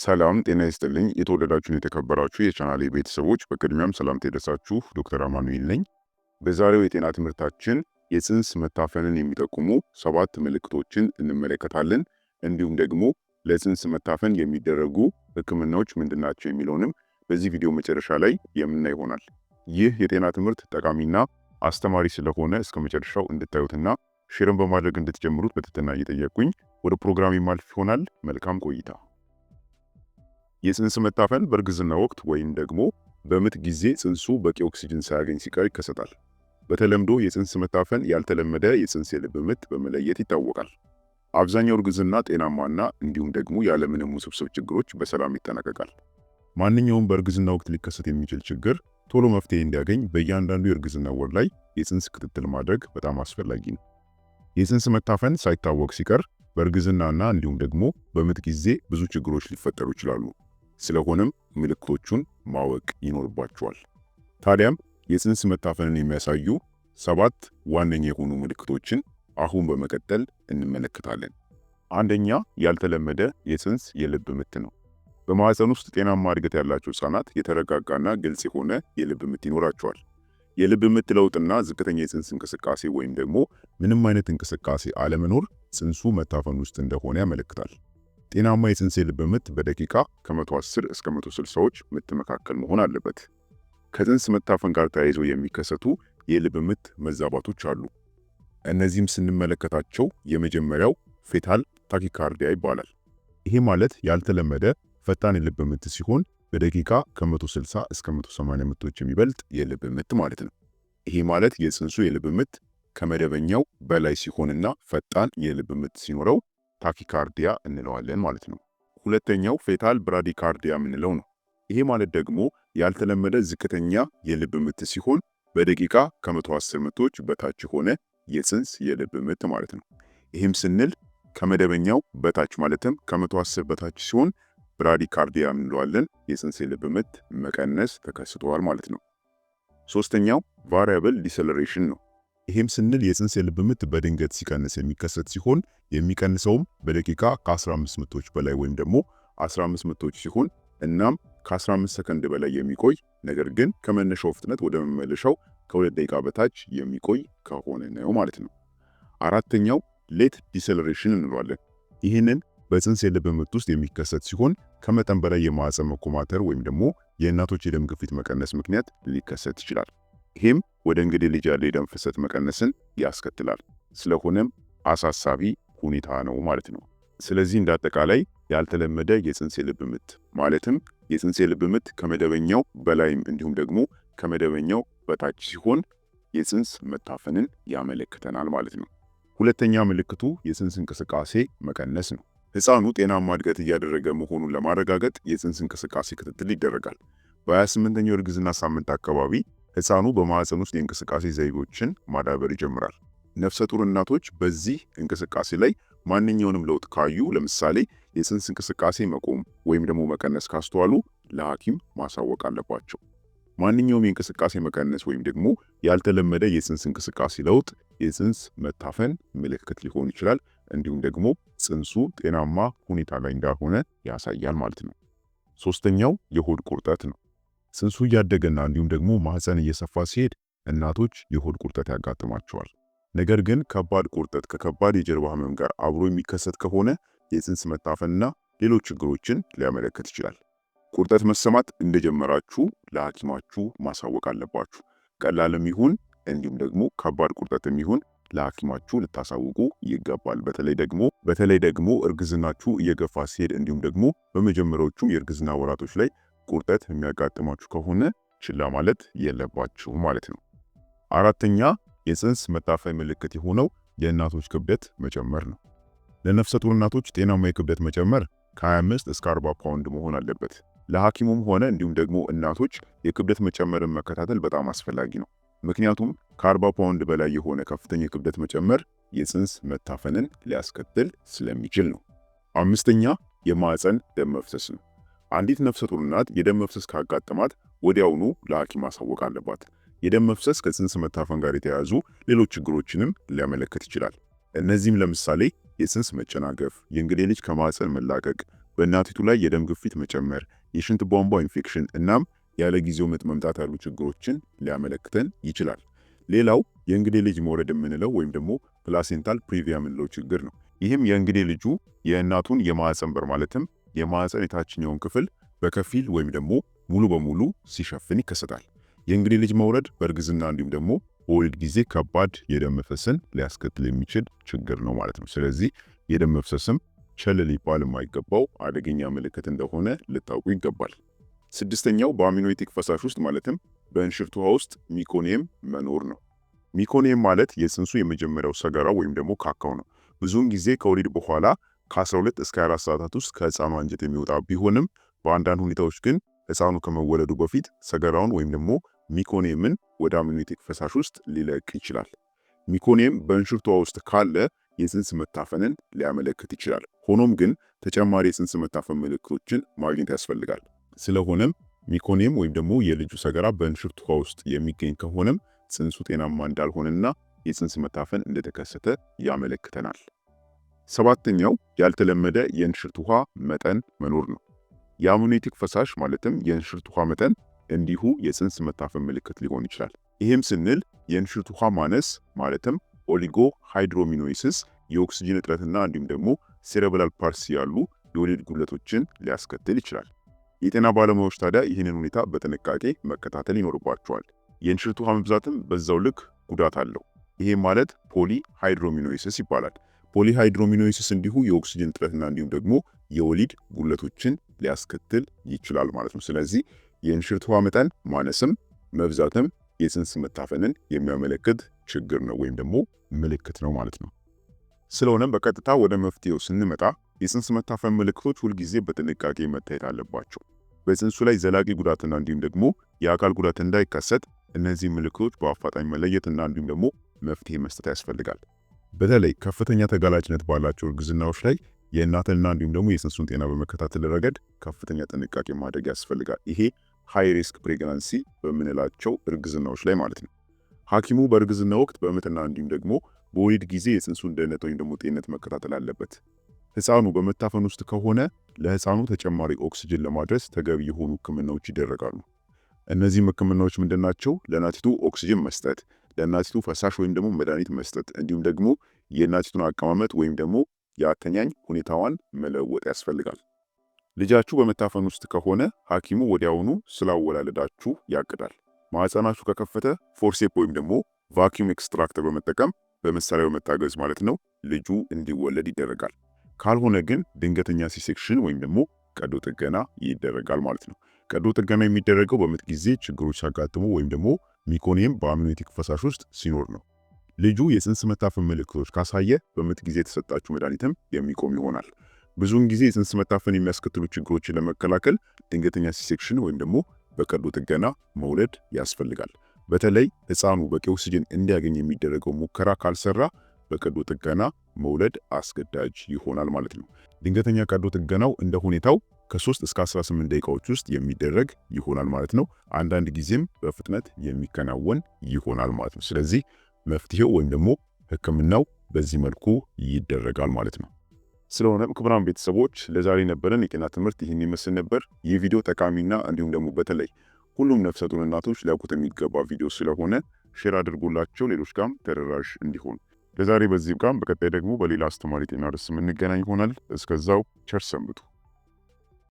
ሰላም ጤና ይስጥልኝ። የተወደዳችሁን የተከበራችሁ የቻናሌ ቤተሰቦች በቅድሚያም ሰላምታ ይድረሳችሁ። ዶክተር አማኑኤል ነኝ። በዛሬው የጤና ትምህርታችን የፅንስ መታፈንን የሚጠቁሙ ሰባት ምልክቶችን እንመለከታለን። እንዲሁም ደግሞ ለፅንስ መታፈን የሚደረጉ ሕክምናዎች ምንድናቸው የሚለውንም በዚህ ቪዲዮ መጨረሻ ላይ የምናይ ይሆናል። ይህ የጤና ትምህርት ጠቃሚና አስተማሪ ስለሆነ እስከ መጨረሻው እንድታዩትና ሼርን በማድረግ እንድትጀምሩት በትህትና እየጠየቅኩኝ ወደ ፕሮግራም የማልፍ ይሆናል። መልካም ቆይታ የፅንስ መታፈን በእርግዝና ወቅት ወይም ደግሞ በምጥ ጊዜ ፅንሱ በቂ ኦክሲጅን ሳያገኝ ሲቀር ይከሰታል። በተለምዶ የፅንስ መታፈን ያልተለመደ የፅንስ የልብ ምት በመለየት ይታወቃል። አብዛኛው እርግዝና ጤናማና እንዲሁም ደግሞ ያለምንም ውስብስብ ችግሮች በሰላም ይጠናቀቃል። ማንኛውም በእርግዝና ወቅት ሊከሰት የሚችል ችግር ቶሎ መፍትሄ እንዲያገኝ በእያንዳንዱ የእርግዝና ወር ላይ የፅንስ ክትትል ማድረግ በጣም አስፈላጊ ነው። የፅንስ መታፈን ሳይታወቅ ሲቀር በእርግዝናና እንዲሁም ደግሞ በምጥ ጊዜ ብዙ ችግሮች ሊፈጠሩ ይችላሉ። ስለሆነም ምልክቶቹን ማወቅ ይኖርባቸዋል። ታዲያም የፅንስ መታፈንን የሚያሳዩ ሰባት ዋነኛ የሆኑ ምልክቶችን አሁን በመቀጠል እንመለከታለን። አንደኛ ያልተለመደ የፅንስ የልብ ምት ነው። በማህፀን ውስጥ ጤናማ እድገት ያላቸው ህጻናት የተረጋጋና ግልጽ የሆነ የልብ ምት ይኖራቸዋል። የልብ ምት ለውጥና ዝቅተኛ የፅንስ እንቅስቃሴ ወይም ደግሞ ምንም አይነት እንቅስቃሴ አለመኖር ፅንሱ መታፈን ውስጥ እንደሆነ ያመለክታል። ጤናማ የፅንሴ ልብ ምት በደቂቃ ከ110 እስከ 160 ሰዎች ምት መካከል መሆን አለበት። ከፅንስ መታፈን ጋር ተያይዘው የሚከሰቱ የልብ ምት መዛባቶች አሉ። እነዚህም ስንመለከታቸው የመጀመሪያው ፌታል ታኪካርዲያ ይባላል። ይሄ ማለት ያልተለመደ ፈጣን የልብ ምት ሲሆን በደቂቃ ከ160 እስከ 180 ምቶች የሚበልጥ የልብ ምት ማለት ነው። ይሄ ማለት የፅንሱ የልብ ምት ከመደበኛው በላይ ሲሆንና ፈጣን የልብ ምት ሲኖረው ታኪካርዲያ እንለዋለን ማለት ነው። ሁለተኛው ፌታል ብራዲካርዲያ የምንለው ነው። ይሄ ማለት ደግሞ ያልተለመደ ዝቅተኛ የልብ ምት ሲሆን በደቂቃ ከ110 ምቶች በታች የሆነ የጽንስ የልብ ምት ማለት ነው። ይህም ስንል ከመደበኛው በታች ማለትም ከ110 በታች ሲሆን ብራዲካርዲያ እንለዋለን። የጽንስ የልብ ምት መቀነስ ተከስተዋል ማለት ነው። ሶስተኛው ቫሪያብል ዲሰለሬሽን ነው። ይህም ስንል የፅንስ የልብ ምት በድንገት ሲቀንስ የሚከሰት ሲሆን የሚቀንሰውም በደቂቃ ከ15 ምቶች በላይ ወይም ደግሞ 15 ምቶች ሲሆን እናም ከ15 ሰከንድ በላይ የሚቆይ ነገር ግን ከመነሻው ፍጥነት ወደ መመለሻው ከሁለት ደቂቃ በታች የሚቆይ ከሆነ ነው ማለት ነው። አራተኛው ሌት ዲሰለሬሽን እንለዋለን። ይህንን በፅንስ የልብ ምት ውስጥ የሚከሰት ሲሆን ከመጠን በላይ የማዕፀን መኮማተር ወይም ደግሞ የእናቶች የደም ግፊት መቀነስ ምክንያት ሊከሰት ይችላል። ይህም ወደ እንግዲህ ልጅ ያለ የደም ፍሰት መቀነስን ያስከትላል። ስለሆነም አሳሳቢ ሁኔታ ነው ማለት ነው። ስለዚህ እንዳጠቃላይ አጠቃላይ ያልተለመደ የፅንስ ልብ ምት ማለትም የፅንስ ልብ ምት ከመደበኛው በላይም እንዲሁም ደግሞ ከመደበኛው በታች ሲሆን የፅንስ መታፈንን ያመለክተናል ማለት ነው። ሁለተኛ ምልክቱ የፅንስ እንቅስቃሴ መቀነስ ነው። ህፃኑ ጤናማ እድገት እያደረገ መሆኑን ለማረጋገጥ የፅንስ እንቅስቃሴ ክትትል ይደረጋል። በ28ኛው እርግዝና ሳምንት አካባቢ ህፃኑ በማህፀን ውስጥ የእንቅስቃሴ ዘይቤዎችን ማዳበር ይጀምራል። ነፍሰ ጡር እናቶች በዚህ እንቅስቃሴ ላይ ማንኛውንም ለውጥ ካዩ፣ ለምሳሌ የፅንስ እንቅስቃሴ መቆም ወይም ደግሞ መቀነስ ካስተዋሉ ለሐኪም ማሳወቅ አለባቸው። ማንኛውም የእንቅስቃሴ መቀነስ ወይም ደግሞ ያልተለመደ የፅንስ እንቅስቃሴ ለውጥ የፅንስ መታፈን ምልክት ሊሆን ይችላል። እንዲሁም ደግሞ ፅንሱ ጤናማ ሁኔታ ላይ እንዳልሆነ ያሳያል ማለት ነው። ሶስተኛው የሆድ ቁርጠት ነው። ጽንሱ እያደገና እንዲሁም ደግሞ ማህፀን እየሰፋ ሲሄድ እናቶች የሆድ ቁርጠት ያጋጥማቸዋል። ነገር ግን ከባድ ቁርጠት ከከባድ የጀርባ ህመም ጋር አብሮ የሚከሰት ከሆነ የጽንስ መታፈንና ሌሎች ችግሮችን ሊያመለክት ይችላል። ቁርጠት መሰማት እንደጀመራችሁ ለሐኪማችሁ ማሳወቅ አለባችሁ። ቀላልም ይሁን እንዲሁም ደግሞ ከባድ ቁርጠትም ይሁን ለሐኪማችሁ ልታሳውቁ ይገባል። በተለይ ደግሞ በተለይ ደግሞ እርግዝናችሁ እየገፋ ሲሄድ እንዲሁም ደግሞ በመጀመሪያዎቹ የእርግዝና ወራቶች ላይ ቁርጠት የሚያጋጥማችሁ ከሆነ ችላ ማለት የለባችሁ ማለት ነው። አራተኛ የፅንስ መታፈን ምልክት የሆነው የእናቶች ክብደት መጨመር ነው። ለነፍሰ ጡር እናቶች ጤናማ የክብደት መጨመር ከ25 እስከ 40 ፓውንድ መሆን አለበት። ለሐኪሙም ሆነ እንዲሁም ደግሞ እናቶች የክብደት መጨመርን መከታተል በጣም አስፈላጊ ነው። ምክንያቱም ከ40 ፓውንድ በላይ የሆነ ከፍተኛ የክብደት መጨመር የፅንስ መታፈንን ሊያስከትል ስለሚችል ነው። አምስተኛ የማዕፀን ደም መፍሰስ ነው። አንዲት ነፍሰ ጡር እናት የደም መፍሰስ ካጋጠማት ወዲያውኑ ለሐኪም ማሳወቅ አለባት። የደም መፍሰስ ከጽንስ መታፈን ጋር የተያያዙ ሌሎች ችግሮችንም ሊያመለክት ይችላል። እነዚህም ለምሳሌ የጽንስ መጨናገፍ፣ የእንግዴ ልጅ ከማህፀን መላቀቅ፣ በእናቲቱ ላይ የደም ግፊት መጨመር፣ የሽንት ቧንቧ ኢንፌክሽን እናም ያለ ጊዜው ምጥ መምጣት ያሉ ችግሮችን ሊያመለክተን ይችላል። ሌላው የእንግዴ ልጅ መውረድ የምንለው ወይም ደግሞ ፕላሴንታል ፕሪቪያ የምንለው ችግር ነው። ይህም የእንግዴ ልጁ የእናቱን የማህፀን በር ማለትም የማህፀን የታችኛውን ክፍል በከፊል ወይም ደግሞ ሙሉ በሙሉ ሲሸፍን ይከሰታል። የእንግዴ ልጅ መውረድ በእርግዝና እንዲሁም ደግሞ በወሊድ ጊዜ ከባድ የደም መፍሰስን ሊያስከትል የሚችል ችግር ነው ማለት ነው። ስለዚህ የደም መፍሰስም ቸል ሊባል የማይገባው አደገኛ ምልክት እንደሆነ ልታውቁ ይገባል። ስድስተኛው በአሚኖይቲክ ፈሳሽ ውስጥ ማለትም በእንሽርት ውሃ ውስጥ ሚኮኒየም መኖር ነው። ሚኮኒየም ማለት የፅንሱ የመጀመሪያው ሰገራ ወይም ደግሞ ካካው ነው። ብዙውን ጊዜ ከወሊድ በኋላ ከ12 እስከ 24 ሰዓታት ውስጥ ከህፃኑ አንጀት የሚወጣ ቢሆንም በአንዳንድ ሁኔታዎች ግን ህፃኑ ከመወለዱ በፊት ሰገራውን ወይም ደግሞ ሚኮኔምን ወደ አምኒዮቲክ ፈሳሽ ውስጥ ሊለቅ ይችላል። ሚኮኔም በእንሽርቷ ውስጥ ካለ የፅንስ መታፈንን ሊያመለክት ይችላል። ሆኖም ግን ተጨማሪ የፅንስ መታፈን ምልክቶችን ማግኘት ያስፈልጋል። ስለሆነም ሚኮኔም ወይም ደግሞ የልጁ ሰገራ በእንሽርቷ ውስጥ የሚገኝ ከሆነም ፅንሱ ጤናማ እንዳልሆነና የፅንስ መታፈን እንደተከሰተ ያመለክተናል። ሰባተኛው ያልተለመደ የእንሽርት ውሃ መጠን መኖር ነው። የአሞኔቲክ ፈሳሽ ማለትም የእንሽርት ውሃ መጠን እንዲሁ የፅንስ መታፈን ምልክት ሊሆን ይችላል። ይህም ስንል የእንሽርት ውሃ ማነስ ማለትም ኦሊጎ ሃይድሮሚኖይሲስ፣ የኦክስጂን እጥረትና እንዲሁም ደግሞ ሴረብላል ፓልሲ ያሉ የወሊድ ጉለቶችን ሊያስከትል ይችላል። የጤና ባለሙያዎች ታዲያ ይህንን ሁኔታ በጥንቃቄ መከታተል ይኖርባቸዋል። የእንሽርት ውሃ መብዛትም በዛው ልክ ጉዳት አለው። ይህም ማለት ፖሊ ሃይድሮሚኖይሲስ ይባላል። ፖሊሃይድሮሚኖሲስ እንዲሁ የኦክሲጅን እጥረትና እንዲሁም ደግሞ የወሊድ ጉለቶችን ሊያስከትል ይችላል ማለት ነው። ስለዚህ የእንሽርት ውሃ መጠን ማነስም መብዛትም የፅንስ መታፈንን የሚያመለክት ችግር ነው ወይም ደግሞ ምልክት ነው ማለት ነው። ስለሆነም በቀጥታ ወደ መፍትሄው ስንመጣ የፅንስ መታፈን ምልክቶች ሁልጊዜ በጥንቃቄ መታየት አለባቸው። በፅንሱ ላይ ዘላቂ ጉዳትና እንዲሁም ደግሞ የአካል ጉዳት እንዳይከሰት እነዚህ ምልክቶች በአፋጣኝ መለየትና እንዲሁም ደግሞ መፍትሄ መስጠት ያስፈልጋል። በተለይ ከፍተኛ ተጋላጭነት ባላቸው እርግዝናዎች ላይ የእናትና እንዲሁም ደግሞ የፅንሱን ጤና በመከታተል ረገድ ከፍተኛ ጥንቃቄ ማድረግ ያስፈልጋል። ይሄ ሃይ ሪስክ ፕሬግናንሲ በምንላቸው እርግዝናዎች ላይ ማለት ነው። ሐኪሙ በእርግዝና ወቅት በምጥና እንዲሁም ደግሞ በወሊድ ጊዜ የፅንሱን ደህንነት ወይም ደግሞ ጤንነት መከታተል አለበት። ህፃኑ በመታፈን ውስጥ ከሆነ ለህፃኑ ተጨማሪ ኦክስጅን ለማድረስ ተገቢ የሆኑ ህክምናዎች ይደረጋሉ። እነዚህም ህክምናዎች ምንድናቸው? ለእናቲቱ ኦክስጅን መስጠት ለእናቲቱ ፈሳሽ ወይም ደግሞ መድኃኒት መስጠት እንዲሁም ደግሞ የእናቲቱን አቀማመጥ ወይም ደግሞ የአተኛኝ ሁኔታዋን መለወጥ ያስፈልጋል። ልጃችሁ በመታፈን ውስጥ ከሆነ ሐኪሙ ወዲያውኑ ስላወላለዳችሁ ያቅዳል። ማህፀናችሁ ከከፈተ ፎርሴፕ ወይም ደግሞ ቫኪዩም ኤክስትራክተር በመጠቀም በመሳሪያ በመታገዝ ማለት ነው ልጁ እንዲወለድ ይደረጋል። ካልሆነ ግን ድንገተኛ ሲሴክሽን ወይም ደግሞ ቀዶ ጥገና ይደረጋል ማለት ነው። ቀዶ ጥገና የሚደረገው በምጥ ጊዜ ችግሮች ሲያጋጥሙ ወይም ደግሞ ሚኮኒየም በአምኒዮቲክ ፈሳሽ ውስጥ ሲኖር ነው። ልጁ የፅንስ መታፈን ምልክቶች ካሳየ በምጥ ጊዜ የተሰጣችው መድኃኒትም የሚቆም ይሆናል። ብዙውን ጊዜ የፅንስ መታፈን የሚያስከትሉ ችግሮችን ለመከላከል ድንገተኛ ሲሴክሽን ወይም ደግሞ በቀዶ ጥገና መውለድ ያስፈልጋል። በተለይ ህፃኑ በቂ እንዲያገኝ የሚደረገው ሙከራ ካልሰራ በቀዶ ጥገና መውለድ አስገዳጅ ይሆናል ማለት ነው። ድንገተኛ ቀዶ ጥገናው እንደ ሁኔታው ከ3 እስከ 18 ደቂቃዎች ውስጥ የሚደረግ ይሆናል ማለት ነው። አንዳንድ ጊዜም በፍጥነት የሚከናወን ይሆናል ማለት ነው። ስለዚህ መፍትሄው ወይም ደግሞ ህክምናው በዚህ መልኩ ይደረጋል ማለት ነው። ስለሆነም ክቡራን ቤተሰቦች ለዛሬ ነበረን የጤና ትምህርት ይህን ይመስል ነበር። ይህ ቪዲዮ ጠቃሚና እንዲሁም ደግሞ በተለይ ሁሉም ነፍሰጡን እናቶች ሊያውቁት የሚገባ ቪዲዮ ስለሆነ ሼር አድርጎላቸው ሌሎች ጋም ተደራሽ እንዲሆን ለዛሬ በዚህ ጋም፣ በቀጣይ ደግሞ በሌላ አስተማሪ ጤና ርዕስ የምንገናኝ ይሆናል። እስከዛው ቸር ሰንብቱ።